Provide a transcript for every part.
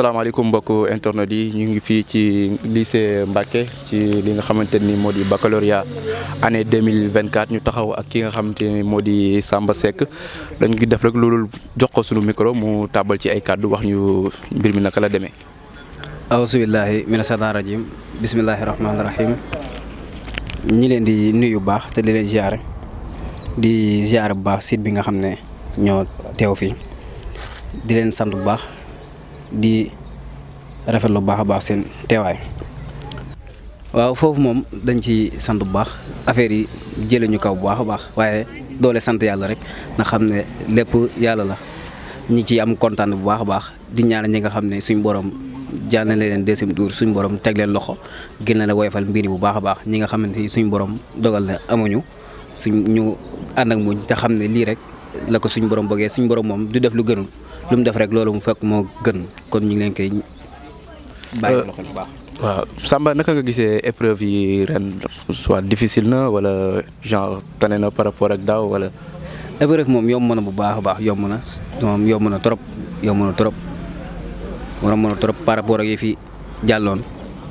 asalaamaaleykum mbokku internet yi ñu ngi fii ci lycée Mbacké ci li nga xamante ni moo di baccalauréat année 2024 ñu taxaw ak ki nga xamante ni moo di Samba Seck dañu ngi def rek lu dul jox ko sunu micro mu tàbbal ci ay kàddu wax ñu mbir mi naka la demee. awusu billaahi mina seytaani rajiim bismillaahi rahmaani rahiim ñi leen di nuyu bu baax te di leen ziare di ziare bu baax site bi nga xam ne ñoo teew fii di leen sant bu baax. di rafet lu baax baax seen teewaay waaw foofu moom dañ ci sant bu baax affaire yi jëlee ñu kaw bu baax a baax waaye doole sant yàlla rek nga xam ne lépp yàlla la ñi ci am kontaan bu baax a baax di ñaan ñi nga xam ne suñ borom jàll ne leen deuxième tour suñ borom teg leen loxo gën na la woyofal mbir yi bu baax a baax ñi nga xamante ni suñ borom dogal na amuñu suñ ñu ànd ak muñ te xam ne lii rek la ko suñ borom bëggee suñ borom moom du def lu gënul lu mu def rek loolu mu fekk moo gën kon ñu ngi leen koy bàyyi euh, baax. waaw Samba naka nga gisee épreuve yi ren soit difficile na wala genre tane na par rapport ak daaw wala. épreuve moom yomb na bu baax a baax yomb na moom yomb na trop yomb na trop yomb na trop par rapport ak yi fi jàlloon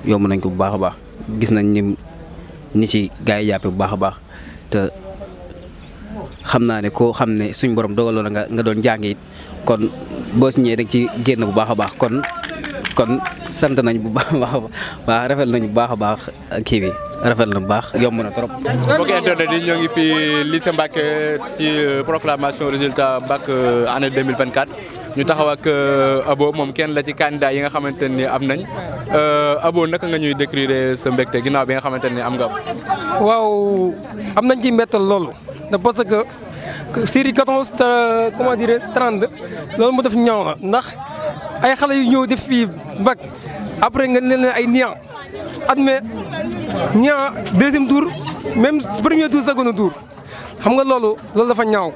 yomb nañ ko bu baax a baax gis nañ ni ni ci gaa yi jàppee bu baax a baax te xam naa ne koo xam ne suñ borom dogaloon nga nga doon jàng it kon boo si ñëwee ci génn bu baax a baax kon kon sant nañ bu baax a baax rafet nañ bu baax a baax kii bi rafet na bu baax yomb na trop. mbokk internet yi ñoo ngi fi lycée Mbacké ci euh, proclamation résultat bac euh, année 2024 ñu taxaw ak euh, Abo moom kenn la ci candidat yi nga xamante ni am nañ Abo naka nga ñuy décrire sa mbégte ginnaaw bi nga xamante ni am nga. waaw am nañ ci mbettal loolu parce que. série 14 comment dirais je 32 loolu mu def ñaaw na ndax ay xale yu ñëw def fii bac après nga leen ay nian admet ñaa deuxième tour même premier tour second tour xam nga loolu loolu dafa ñaaw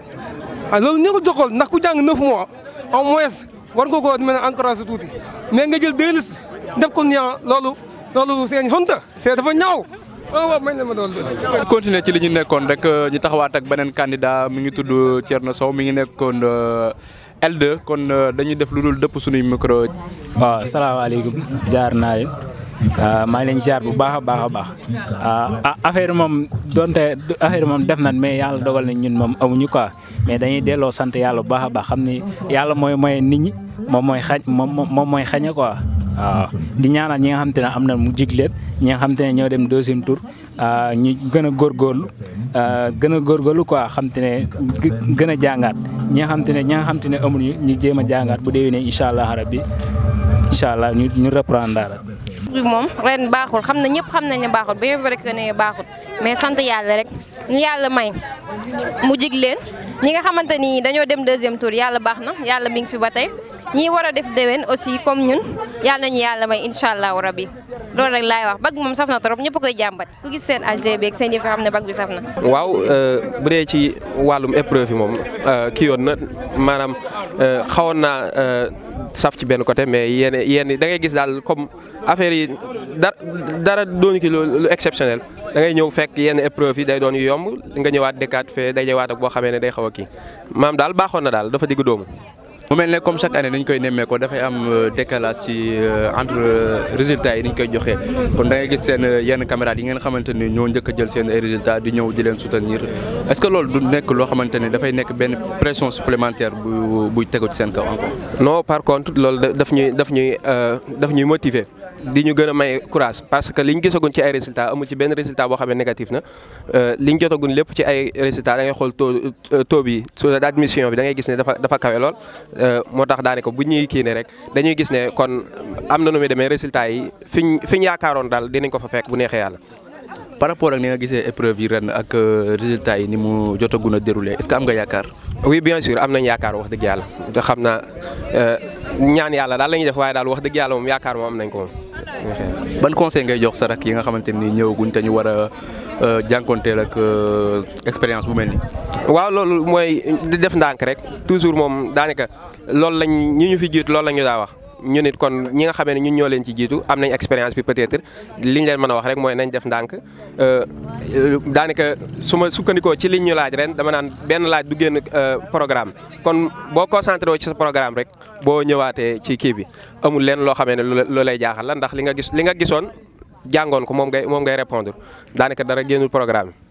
a ah, loolu ñu ko joxool ndax ku jàng neuf mois au moins war ko koo mel ne encouragé tuuti mais nga jël deux listes ko nian loolu loolu seen honte c'est dafa ñaaw waaw ma doon tuuti. continuer ci li ñu nekkoon rek euh, ñu taxawaat ak beneen candidat mi ngi tudd Thierno Sow mi ngi nekkoon euh, L2 kon euh, dañuy def lu dul dëpp suñuy micro. waaw salaamaaleykum jaar naa leen maa ngi leen ziar bu baax a baax a baax affaire moom donte affaire moom def nañ mais yàlla dogal nañ ñun moom amuñu quoi mais dañuy delloo sant yàlla bu baax a baax xam ni yàlla mooy mooy nit ñi moom mooy xañ moom mooy xañe quoi. waaw di ñaanal ñi nga xam ne am na mu jig leen ñi nga xam ne ñoo dem deuxième tour ah, ñi gën a góorgóorlu ah, gën a góorgóorlu quoi xam te ne gën a jàngaat ñi nga xam te ne ñi nga xam te ne amuñu ñu jéem a jàngaat bu déwénee incha allah bi incha allah ñu ñu reprendre daal. moom ren baaxul xam na ñëpp xam nañ ne baaxul bien vrai ne baaxul mais sant yàlla rek ñu yàlla may mu jig leen ñi nga xamante ni dañoo dem deuxième tour yàlla baax na yàlla mi ngi fi ba tey. ñi war a def déwén aussi comme ñun yàlla nañu yàlla may incha allahu bi loolu rek laay wax bag moom saf na trop ñëpp koy jàmbat ku gis seen AGB ak seen yëf xam ne bag bi saf na. waaw euh, ci wàllum épreuve yi moom euh, kii yoon na maanaam euh, xawoon naa saf ci benn côté mais yéen yéen da ngay gis daal comme affaire yi dara dara doon ki lu exceptionnel. da ngay ñëw fekk yenn épreuve yi day doon yu yomb nga ñëwaat dékkaat fee day ñëwaat ak boo xamee ne day xaw a kii maam daal baaxoon na daal dafa digg doomu. mu mel ne comme chaque année dañ koy nemmee ko dafay am euh, décalage ci euh, entre euh, résultats yi dañ koy joxe kon da ngay gis seen yenn camarades yi ngeen xamante ni ñoo njëkk a jël seen ay résultats di ñëw di leen soutenir est-ce que loolu du nekk loo xamante ne dafay nekk benn pression supplémentaire bu buy tegu ci seen kaw encore. non par contre loolu daf ñuy daf ñuy daf ñuy motiver. di ñu gën a may courage parce que liñ gisaguñ ci ay résultats amul ci benn résultat boo xam ne négatif na euh, liñ jotaguñ lépp ci ay résultats da ngay xool taux euh, taux bi su admission bi da ngay gis ne dafa dafa kawe lool euh, moo tax daane ko bu ñuy kii rek dañuy gis ne kon am na nu muy demee résultat yi fiñ fiñ yaakaaroon daal di dinañ ko fa fekk bu neexee yàlla. par rapport ak ni nga gisee épreuve yi ren ak résultats yi ni mu jotagun a déroulé est-ce que am nga yaakaar. oui bien sûr am nañ yaakaar wax dëgg yàlla xam na ñaan yàlla daal la ñuy def waaye daal wax dëgg yàlla moom yaakaar moom ko ban conseil ngay jox sa rak yi nga xamante ni ñëwaguñ te ñu war a euh, jànkonteel ak euh, expérience bu mel nii. waaw loolu mooy di def ndànk rek toujours moom daanaka loolu lañ ñi ñu fi jiit loolu la ñu daa wax. ñu nit kon ñi nga xamee ne ñun ñoo leen ci jiitu am nañ expérience bi peut-être li ñu leen mën a wax rek mooy nañ def ndànk euh, euh, daanaka su ma sukkandikoo ci liñ ñu laaj ren dama naan benn laaj du génn euh, programme kon boo concentré woo ci sa programme rek boo ñëwaatee ci kii bi amul leen loo xamee ne lu lay jaaxal la ndax li nga gis li nga gisoon jàngoon ko moom ngay moom ngay répondre daanaka dara génnul programme